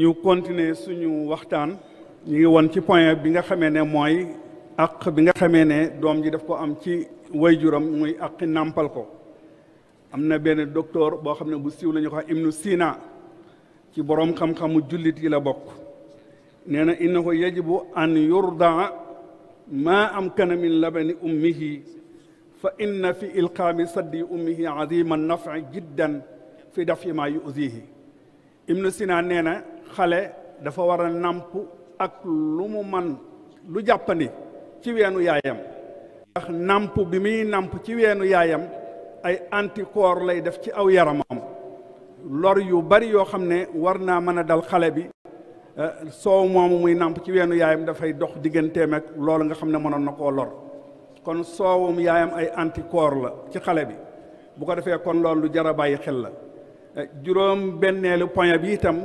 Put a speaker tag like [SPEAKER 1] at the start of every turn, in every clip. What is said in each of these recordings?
[SPEAKER 1] ñu continuer suñu waxtaan ñu ngi woon ci point bi nga xamee ne mooy àq bi nga xamee ne doom ji daf ko am ci wayjuram muy àqi nàmpal ko am na benn docteur boo xam ne bu siiw lañu ñu ko Ibnu Sina ci boroom xam-xamu jullit yi la bokk nee na innahu yajibu an yurdaa ma am kanamin labani ummihi fa na fi ilqaami saddi ummihi azima nafi jiddan fi yi ma yuzihi si naa nee na xale dafa war a nàmp ak lu mu man lu jàppandi ci weenu yaayam ndax nàmp bi muy nàmp ci weenu yaayam ay anticorps lay def ci aw yaramam lor yu bari yoo xam ne war naa mën a dal xale bi eh, soow moomu muy nàmp ci weenu yaayam dafay dox digganteem ak loolu nga xam ne mënoon na koo lor kon soowum yaayam ay antikoor la ci xale bi bu ko defee kon loolu lu jar a bàyyi xel la Eh, juróom benneelu point bi itam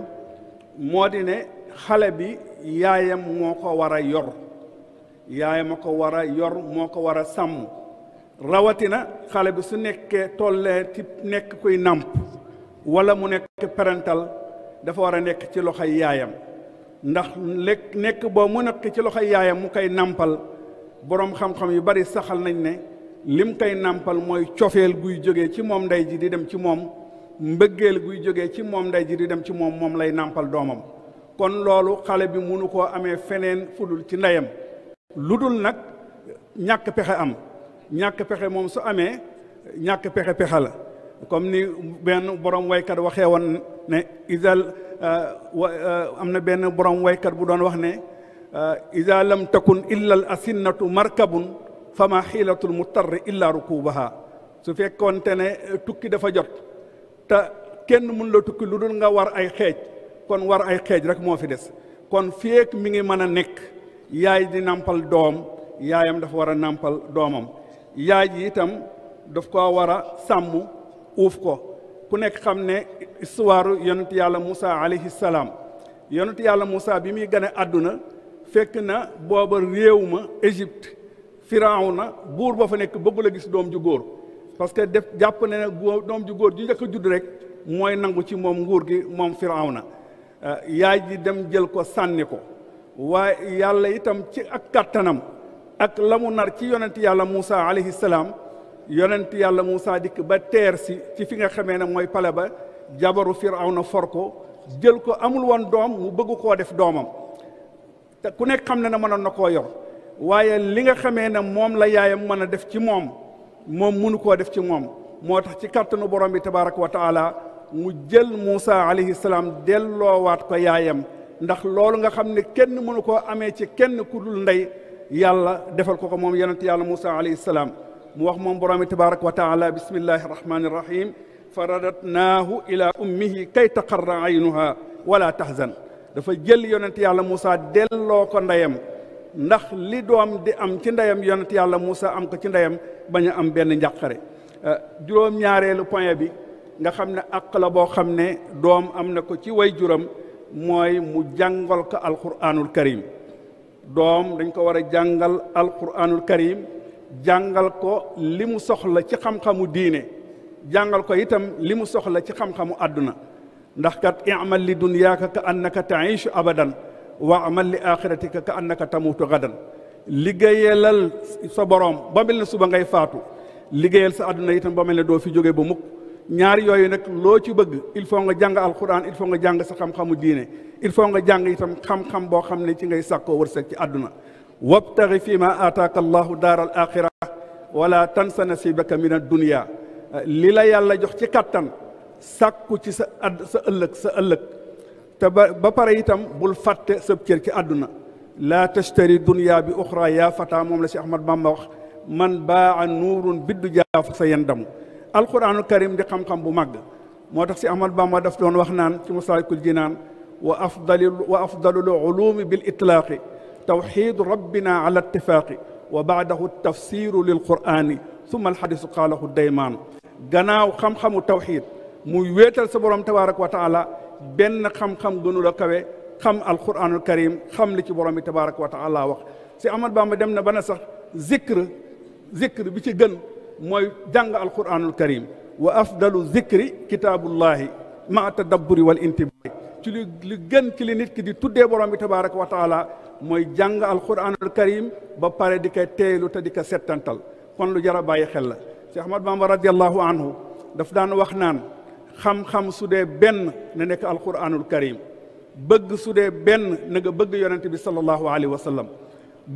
[SPEAKER 1] moo di ne xale bi yaayam moo ko war a yor yaayam moo ko war a yor moo ko war a sàmm rawatina xale bi su nekkee tollee ci nekk kuy nàmp wala mu nekk parental dafa war a nekk ci loxo yaayam ndax lekk nekk boo mu nekk ci loxo yaayam mu koy nàmpal boroom xam-xam yu bari saxal nañ ne lim koy nàmpal mooy cofeel guy jóge ci moom ndey ji di dem ci moom mbëggeel guy jógee ci moom ndey ji di dem ci moom moom lay nàmpal doomam kon loolu xale bi munu koo amee feneen fudul ci ndeyam lu dul nag ñàkk pexe am ñàkk pexe moom su amee ñàkk pexe pexe la comme ni benn borom waykat waxee woon ne isal euh, euh, am na benn borom waykat bu doon wax ne euh, isa lam takun illa al asinnatu markabun fama xiilatul mutarri illaaru rukubaha su fekkoonte ne tukki dafa jot te kenn mun la tukki lu dul nga war ay xeej kon war ay xeej rek moo fi des kon féeg mi ngi mën a nekk yaay di nàmpal doom yaayam dafa war a nàmpal doomam yaay ji itam daf ko war a sàmm uuf ko ku nekk xam ne histoire yonent yàlla Moussa alayhi salaam yonent yàlla Moussa bi muy gane àdduna fekk na booba réew ma Égypte Firawna buur boo fa nekk bëggul a gis doom ju góor parce que def jàpp ne ne góor doom ju góor ji njëkk a judd rek mooy nangu ci moom nguur gi moom Firawna euh, yaay ji dem jël ko sànni ko waaye yàlla itam ci ak kàttanam ak la mu nar ci yonent yàlla Moussa alayhi salaam yonent yàlla Moussa dikk ba teer si ci fi nga xamee ne mooy pale ba jabaru Firawna for ko jël ko amul woon doom mu bëgg koo def doomam te ku nekk xam ne na mënoon na koo yor waaye li nga xamee na moom la yaayam mën a def ci moom moom mënu koo def ci moom moo tax ci kàttanu borom bi tabaaraka wa taala mu jël Muusa alayhi salaam delloowaat ko yaayam ndax loolu nga xam ne kenn mënu koo amee ci kenn ku ndey yàlla defal ko ko moom yonent yàlla Muusa alayhi salaam mu wax moom borom bi tabaaraka wa taala bismillahi rahmaani rahim fa radatnaahu ila ummihi kay nu aynuha walaa tahzan dafa jël yonent yàlla Muusa delloo ko ndeyam ndax li doom di am ci ndeyam yonent yàlla Moussa am ko ci ndeyam bañ am benn njàqare euh, juróom-ñaareelu point bi nga xam ne àq la boo xam ne doom am na ko ci way juram mooy mu jàngal ko alquranul karim doom dañ ko war a jàngal alquranul karim jàngal ko li mu soxla ci xam-xamu diine jàngal ko itam li mu soxla ci xam-xamu àdduna ndax kat a li dunyaaka ka annaka taishu abadan wa amal li axiratika ka annaka tamuutu gadan liggéeyalal sa boroom ba mel ne suba ngay faatu liggéeyal sa àdduna itam ba mel ne doo fi jóge ba mukk ñaar yooyu nag loo ci bëgg il faut nga jàng alquran il faut nga jàng sa xam-xamu diine il faut nga jàng itam xam-xam boo xam ne ci ngay sàkkoo sa ci àdduna wabtaxi fii ma aataaka allahu daar al axira wala tansa nasibaka min ad-dunya li la yàlla jox ci kattan sàkku ci sa ad sa ëllëg sa ëllëg te ba ba pare itam bul fàtte sëb cër ci àdduna laa tashtari dunya bi uxra yaa fata moom la si Ahmad Bamba wax man baa nuurun biddu jaaf sa yen damu alquraanu karim di xam-xam bu màgg moo tax si Ahmad Bamba daf doon wax naan ci masaalikul jinaan wa afdali wa afdalul ulumi bil itlaaqi tawxidu rabbina ala ittifaaqi wa baadahu tafsiru lil qur'ani summa alxadisu qaalahu daymaan gannaaw xam-xamu tawxid muy wéetal sa borom tabaraka wa taala benn xam-xam gënu la kawe xam alquranul karim xam li ci borom bi tabaraka wa taala wax si Ahmad Bamba dem na ba ne sax zikr zikr bi ci gën mooy jàng alquranul karim wa afdalu zikri kitaabullahi ma tadabburi wal intibahi ci li li gën ci li nit ki di tuddee borom bi tabaraka wa taala mooy jàng alquranul karim ba pare di ka teeylu te di ko settantal kon lu jar a bàyyi xel la si Ahmad Bamba radiallahu anhu daf daan wax naan xam-xam su dee benn na nekk alquranul karim bëgg su dee benn na nga bëgg yonent bi sallallahu alayhi wa sallam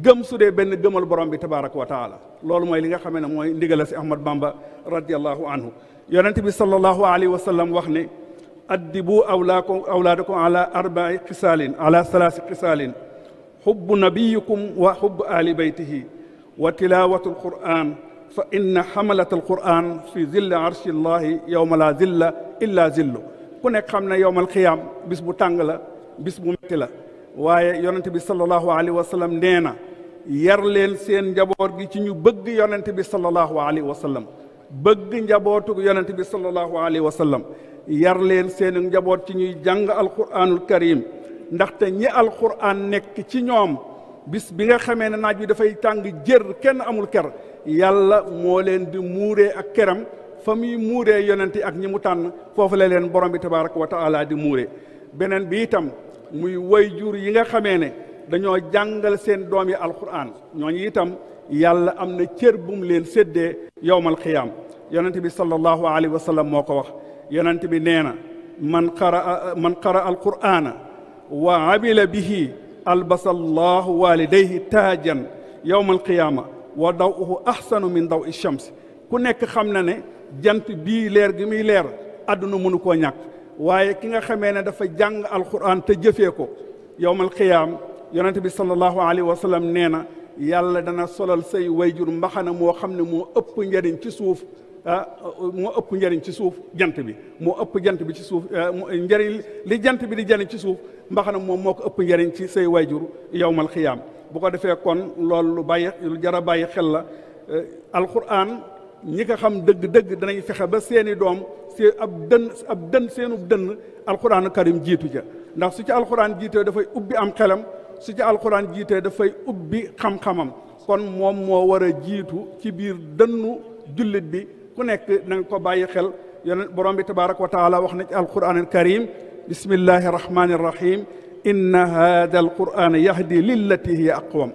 [SPEAKER 1] gëm su dee benn gëmal borom bi tabaraka wa taala loolu mooy li nga xamee ne mooy ndigal si Ahmad Bamba radiallahu anhu yonent bi sallallahu alayhi wa sallam wax ne addibu awlaakum awlaadakum ala arbai xisaalin ala salaasi xisaalin xubbu nabiyikum wa xubbu ali baytihi wa tilawatu alquran fa inna xamalat alquran fi zilli arshi llahi yowma la zilla illa ku nekk xam ne yowmal xiyaam bis bu tàng la bis bu metti la waaye yonent bi sallallahu alayhi wa sallam nee na yar leen seen njaboot gi ci ñu bëgg yonent bi sallallahu alayhi wa sallam bëgg njabootu yonent bi sallallahu alayhi wa sallam yar leen seen njaboot ci ñuy jàng alquranul karim ndaxte ñi alquran nekk ci ñoom bis bi nga xamee ne naaj bi dafay tàng jër kenn amul ker yàlla moo leen di muure ak keram fa muy muuree yonenti ak ñi mu tànn foofu la leen borom bi tabaraka wa taala di muure beneen bi itam muy way jur yi nga xamee ne dañoo jàngal seen doom yi alquran ñooñu itam yàlla am na cër bu leen séddee yowmal qiyaam yonent bi sallallahu alayhi wa sallam moo ko wax yonent bi nee na man qara man qara alqur'ana wa amila bihi albasa allahu walidayhi taajan yowmal qiyaama wa daw uhu ahsanu min daw i shams ku nekk xam na ne jant bii leer gi muy leer àdduna mënu koo ñàkk waaye ki nga xamee ne dafa jàng alquran te jëfee ko yowmal qiyaam yonente bi sallallahu alayhi wa nee na yàlla dana solal say wayjur mbaxana moo xam ne moo ëpp njariñ ci suuf ah moo ëpp njariñ ci suuf jant bi moo ëpp jant bi ci suuf eh, njariñ li jant bi di jariñ ci suuf mbaxana moom moo ko ëpp njariñ ci say wayjur yowmal qiyaam bu ko defee kon lool lu bàyyi lu jar a bàyyi xel la euh, alxuraan ñi ko xam dëgg-dëgg danañ fexe ba seeni doom see ab dënn ab dënn seenu dënn alxuraanu karim jiitu ca ndax su ci alxuraan jiitee dafay ubbi am xelam su ci alxuraan jiitee dafay ubbi xam-xamam kon moom moo war a jiitu ci biir dënnu jullit bi ku nekk na ko bàyyi xel yonent borom bi tabaaraka wa taala wax na ci alxuraanul karim bismillahi rahmaani rahim inna hada alquran yahdi lillati hiya aqwam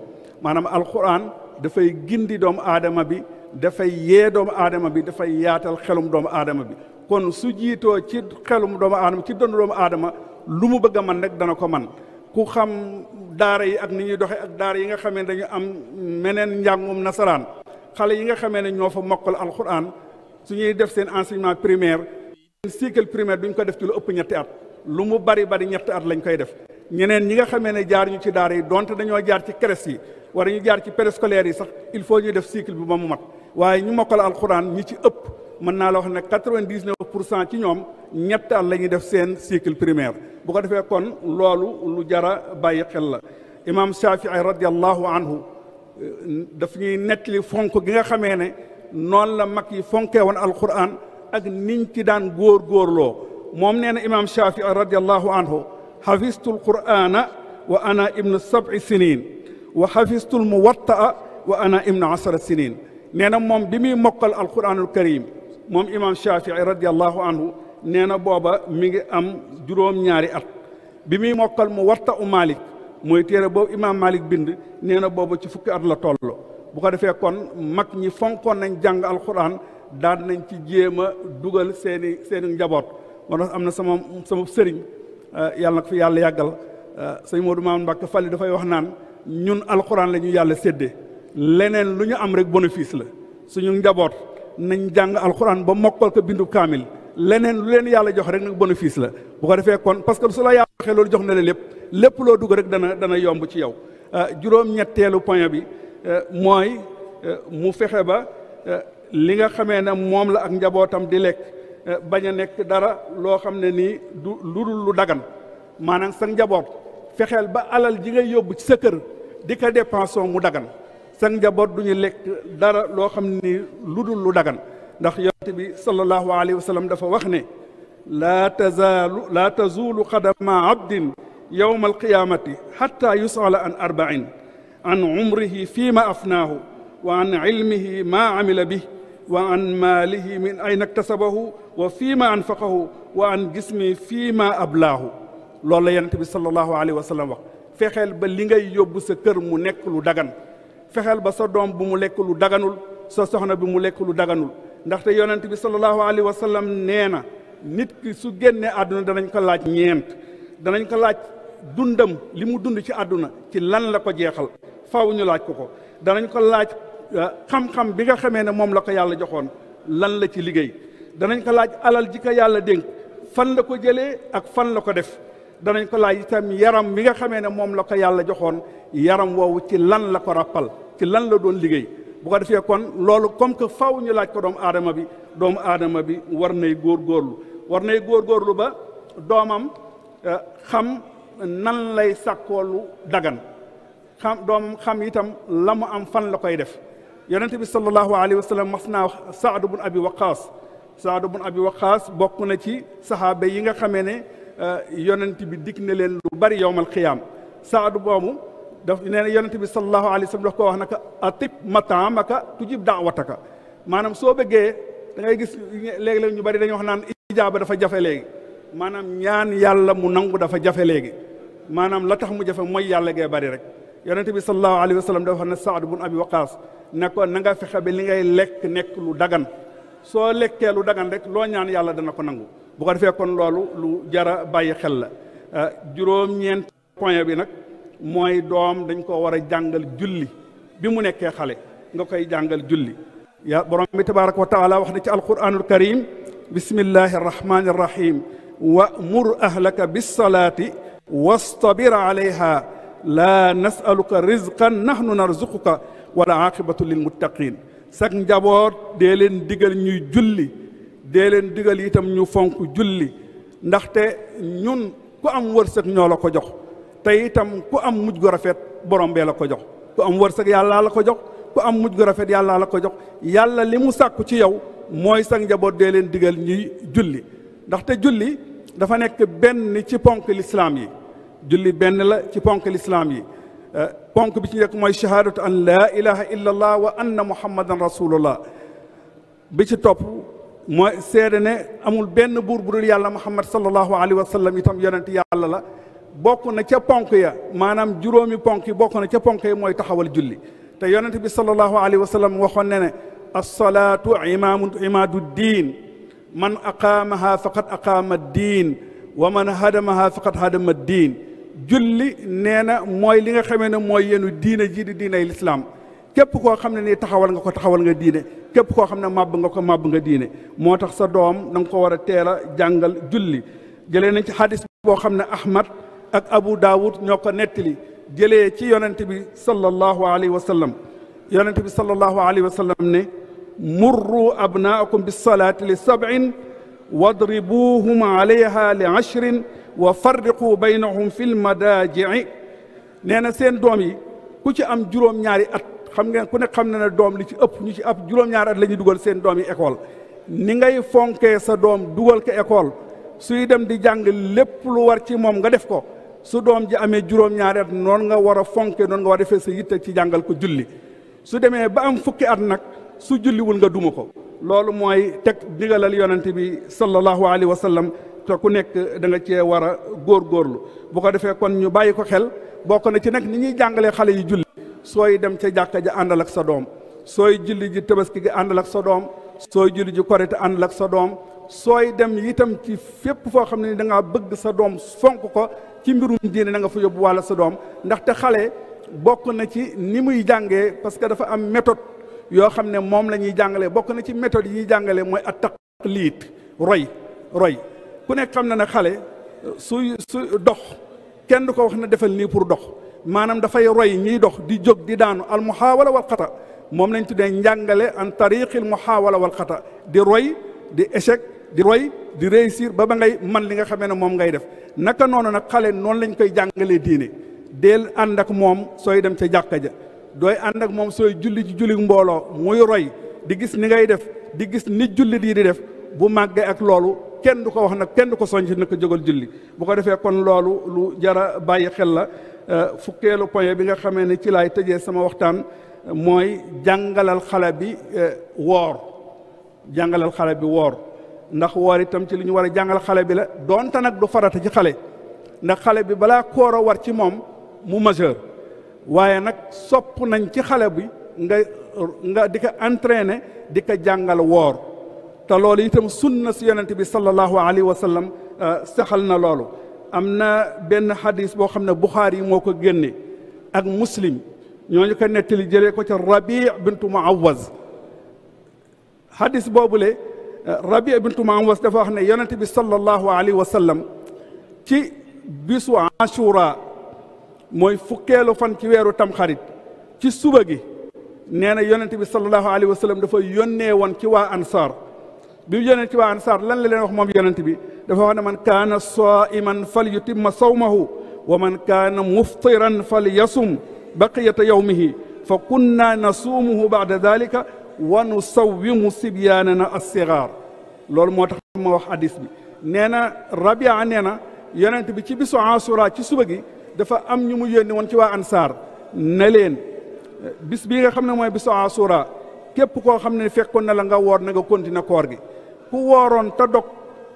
[SPEAKER 1] maanaam alquran dafay gindi doomu aadama bi dafay yee doomu aadama bi dafay yaatal xelum doomu aadama bi kon su jiitoo ci xelum doomu aadama ci dond doomu aadama lu mu bëgg a man rek dana ko man ku xam daara yi ak ni ñuy doxe ak daara yi nga xamee ne dañu am meneen njàngum nasaraan xale yi nga xamee ne ñoo fa mokkal alquran su ñuy def seen enseignement primaire cycle primaire duñ ko def ci lu ëpp ñetti at lu mu bari bari ñetti at lañ koy def ñeneen ñi nga xamee ne jaar ñu ci daar yi donte dañoo jaar ci crèche yi wala ñu jaar ci préscolaire yi sax il faut ñu def cycle bi ba mu mat waaye ñu mokkal alxuraan ñi ci ëpp mën naa la wax ne quatre vingt dix pour cent ci ñoom ñett at la ñuy def seen cycle primaire bu ko defee kon loolu lu jara bàyyi xel la imam Shafii radiallahu anhu euh, daf ñuy nettali fonk gi nga xamee ne noon la mag yi fonkee woon alquran ak niñ ci daan góor góorloo moom nee na imam Shafii radiallahu anhu حفظت القرآن وأنا ابن سبع سنين وحفظت الموطأ وأنا ابن عشر سنين nee na moom bi muy mokkal alquranul karim moom imam Shafii radiallahu anhu nee na booba mi ngi am juróom-ñaari at bi muy mokkal mu watta u Malik mooy téere boobu imam Malik bind nee na booba ci fukki at la toll bu ko defee kon mag ñi fonkoon nañ jàng alquran daan nañ ci jéem a dugal seeni seeni njaboot moo am na sama sama sëriñ Eh, yàlla na ko yàlla yàggal eh, sëñ Modou Maam Mbàkke Fali dafay wax naan ñun alxuraan la ñu yàlla séddee leneen lu ñu am rek bénéfice la suñu njaboot nañ jàng alxuraan ba mokkal ko bindu kaamil leneen lu leen yàlla jox rek nag bénéfice la bu ko defee kon parce que su la yàlla waxee loolu jox na la lépp lépp loo dugg rek dana dana yomb ci yow eh, juróom-ñetteelu point bi mooy mu fexe ba li nga xamee ne moom la ak njabootam di lekk. Eh, bañ a nekk dara loo xam ne nii du lu lu dagan maanaam sa njaboot fexeel ba alal ji ngay yóbbu ci sa kër di ko dépensons mu dagan sa njaboot du ñu lekk dara loo xam ne nii lu dul lu dagan ndax yonent bi sallallahu alayhi wa sallam dafa wax ne laa tazaalu laa tazuulu qadama abdin yowma alqiyaamati xatta yusala an arbain an umrihi fii ma afnaahu wa an ilmihi maa amila bi wa an maalihi ay ayna ktasabahu wa fii ma anfaqahu wa an jismi fii ma ablaahu loolu la yonent bi sallallahu alayhi wa sallam wax fexeel ba li ngay yóbbu sa kër mu nekk lu dagan fexeel ba sa doom bu mu lekk lu daganul sa soxna bi mu lekk lu daganul ndaxte yonent bi sallallahu alayhi wa sallam nee na nit ki su génnee àdduna danañ ko laaj ñeent danañ ko laaj dundam li mu dund ci àdduna ci lan la ko jeexal faw ñu laaj ko ko danañ ko laaj Euh, xam-xam bi nga xamee ne moom la ko yàlla joxoon lan la ci liggéey danañ ko laaj alal jikka yàlla dénk fan la ko jëlee ak fan la ko def danañ ko laaj yitam yaram bi nga xamee ne moom la ko yàlla joxoon yaram woowu ci lan la ko ràppal ci lan la doon liggéey bu ko defee kon loolu comme que faw ñu laaj ko doomu aadama bi doomu aadama bi war nay góor góorlu war nay góor góorlu ba doomam euh, xam nan lay sakkoolu dagan xam doomam xam itam la am fan la koy def yonente bi sallallahu alayhi wa sallam mas naa wax saadu bun abi waqaas saadu bun abi waqaas bokk na ci saxaaba yi nga xamee ne euh, yonent bi dikk na leen lu bari yowmal qiyaam saadu boobu daf nee na yonente bi sallallahu alayhi wa sallam daf ko wax naka atib mataamaka tujib daawataka maanaam soo bëggee da gis léeg-léeg ñu bari dañuy wax naan ijaaba dafa jafe léegi maanaam ñaan yàlla mu nangu dafa jafe léegi maanaam la tax mu jafe mooy yàlla gee bari rek yonente bi sallallahu alayhi wa sallam dafa xam na saad bun abi waqaas ne ko na nga fexe ba li ngay lekk nekk lu dagan soo lekkee lu dagan rek loo ñaan yàlla dana ko nangu bu ko defee kon loolu lu jara bàyyi xel la euh, juróom-ñeent point bi nag mooy doom dañ ko war a jàngal julli bi mu nekkee xale nga koy jàngal julli yaa borom bi tabaraka wa taala wax na ci alquranul karim bismillahi arrahmani arrahim wa mur ahlaka bis salaati wastabir alayha laa nasaluka rizqan nahnu narzuquka wala aqibatu lil muttaqin sak njaboot dee leen digal ñuy julli dee leen digal itam ñu fonk julli ndaxte ñun ku am wërsëg ñoo la ko jox te itam ku am mujj gu rafet borom bee la ko jox ku am wërsëg yàllaa la ko jox ku am mujj gu rafet yàllaa la ko jox yàlla li mu sàkku ci yow mooy sak njaboot dee leen digal ñuy julli ndaxte julli dafa nekk benn ci ponk lislaam yi julli benn la ci ponk lislaam yi euh, ponk bi ci njëkk mooy shahaadatu an laa ilaha illa allah wa anna muhammadan rasulullah bi ci topp mooy seede ne amul benn buur bu dul yàlla muhammad sallallahu alayhi wa sallam itam yonent yàlla la bokk na ca ponk ya maanaam juróomi ponk yi bokk na ca ponk yi mooy taxawal julli te yonent bi sallallahu alayhi wa sallam waxoon ne ne alsalaatu imaamu imaadu diin man aqaamaha faqad aqaama diin wa man hadamaha faqad hadama diin julli nee na mooy li nga xamee ne mooy yenu diine ji di diiney lislaam képp koo xam ne nii taxawal nga ko taxawal nga diine képp koo xam ne màbb nga ko màbb nga diine moo tax sa doom da ko war a teel a jàngal julli jëlee nañ ci xadis boo xam ne ahmad ak abu daawud ñoo ko nettali jëlee ci yonent bi sallallahu alayhi wa sallam yonent bi sallallahu alayhi wa sallam ne murru abnaakum bis salaati li sab'in wadribuhum alayha li ashrin wa farriqu baynahum fil madaaji'i nee na seen doom yi ku ci am juróom-ñaari at xam ngeen ku ne xam na ne doom li ci ëpp ñu ci ab juróom-ñaari at la ñuy dugal seen doom yi école ni ngay fonke sa doom dugal ko école suy dem di jàng lépp lu war ci moom nga def ko su doom ji amee juróom-ñaari at noonu nga war a fonke noon nga war a defee sa yitte ci jàngal ko julli su demee ba am fukki at nag su julliwul nga duma ko loolu mooy teg digalal yonent bi sallallahu alayhi wa sallam te ku nekk da cee war a góorlu bu ko defee kon ñu bàyyi ko xel bokk na ci nag ni ñuy jàngalee xale yi julli sooy dem ca jàkka ja àndal ak sa doom sooy julli ji tabaski gi àndal ak sa doom sooy julli ji korite àndal ak sa doom sooy dem itam ci fépp foo xam ne da ngaa bëgg sa doom fonk ko ci mbirum diine da nga fa yóbbu wàlla sa doom ndaxte xale bokk na ci ni muy jàngee parce que dafa am méthode yoo xam ne moom la ñuy jàngalee bokk na ci méthode yi ñuy jàngalee mooy at taqliid roy roy ku nekk xam na ne xale suy su dox kenn du ko wax na defal nii pour dox maanaam dafay roy ñiy dox di jóg di daanu al muhaawala wal xata moom lañ tuddee njàngale an tariqil muhaawala wal xata di roy di échec di roy di réussir ba ba ngay man li nga xamee ne moom ngay def naka noonu nag xale noonu lañ koy jàngalee diine deel ànd ak moom sooy dem ca jàkka ja dooy ànd ak moom sooy julli ci julli mbooloo muy roy di gis ni ngay def di gis ni jullit yi di def bu màggee ak loolu kenn du ko wax nag kenn du ko soññ na ko jógal julli bu ko defee kon loolu lu jara bàyyi xel la euh, fukkeelu point bi nga xamee ne ci laay tëjee sama waxtaan euh, mooy jàngalal xale bi euh, woor jàngalal xale bi woor ndax woor itam ci li ñu war a jàngal xale bi la doonte nag du farata ci xale ndax xale bi balaa koor war ci moom mu majeur waaye nag sopp nañ ci xale bi nga nga di ko entraîner di ko jàngal woor te loolu itam sunna si yonent bi sallallahu alayhi wa sallam euh, saxal na loolu am na benn xadis boo xam ne buxaari moo ko génne ak muslim ñooñu ko nettali jëlee ko ca rabi bintu muawaz xadis boobule euh, rabi bintu muawaz dafa wax ne yonent bi sallallahu alayhi wa sallam ci bisu ashura mooy fukkeelu fan ci weeru tamxarit ci suba gi nee na yonent bi sallallahu alayhi wa sallam dafa yónnee woon ci waa ansar bi yonent ci waa ansaar lan la leen wax moom yonent bi dafa wax ne man kaana saiman fal yutimma sawmahu wa man kaana muftiran fal yasum baqiyata yawmihi fa kunna nasuumuhu baada dalika wa nusawwimu sibyaanana as-sigaar loolu moo tax ma wax hadis bi nee na rabia nee na yonent bi ci bisu asura ci suba gi dafa am ñu mu yónni woon ci waa ansaar ne leen bis bii nga xam ne mooy bisu asura képp koo xam ne fekkoon na la nga woor na nga continuer koor gi ku wooroon te dog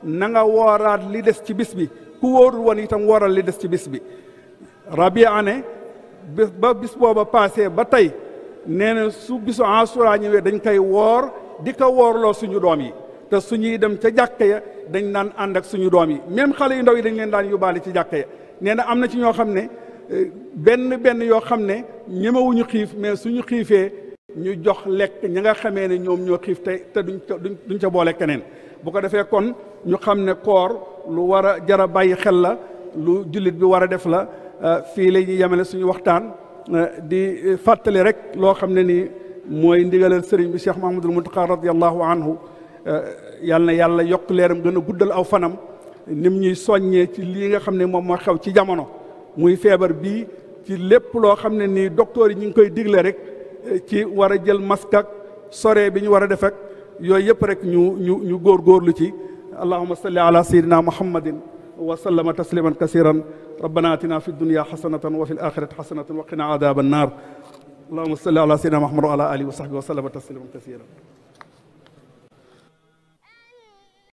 [SPEAKER 1] na nga wooraat li des ci bis bi ku wóorul woon itam wooral li des ci bis bi rabia ne bis ba bis booba passé ba tey nee na su bisu asura ñëwee dañ koy woor di ko woorloo suñu doom yi te suñuy dem ca jàkka ya dañ daan ànd ak suñu doom yi même xale yu ndaw yi dañ leen daan yóbbaale ci jàkka ya nee na am na ci ñoo xam ne eh, benn benn yoo xam ne ñemewuñu xiif mais suñu xiifee ñu jox lekk ñi nga xamee ne ñoom ñoo xiif tey te duñ ca duñ ca boole keneen bu ko defee kon ñu xam ne koor lu war a jar a bàyyi xel la lu jullit bi war a def la euh, fii la ñuy yemale suñu waxtaan euh, di euh, fàttali rek loo xam ne nii mooy ndigalal sëriñ bi Cheikh Mahamadul Muntaqa radiallahu anhu yal na yàlla yokk leeram gën a guddal aw fanam nim ñuy soññee ci lii nga xam ne moom mooy xew ci jamono muy feebar bii ci lépp loo xam ne nii docteur yi ñu ngi koy digle rek ci war a jël maskak sore bi ñu war a def ak yooyu yëpp rek ñu ñu ñu góorgóorlu ci allahuma salli ala sayidina muhammadin wa sallama tasliman kasiran rabbana atina fi dunya xasanatan wa fi l axirati xasanatan wa qina adaba annar allahuma salli ala sayidina muhammad wa ala alihi wa sahbihi wa sallama tasliman kasiran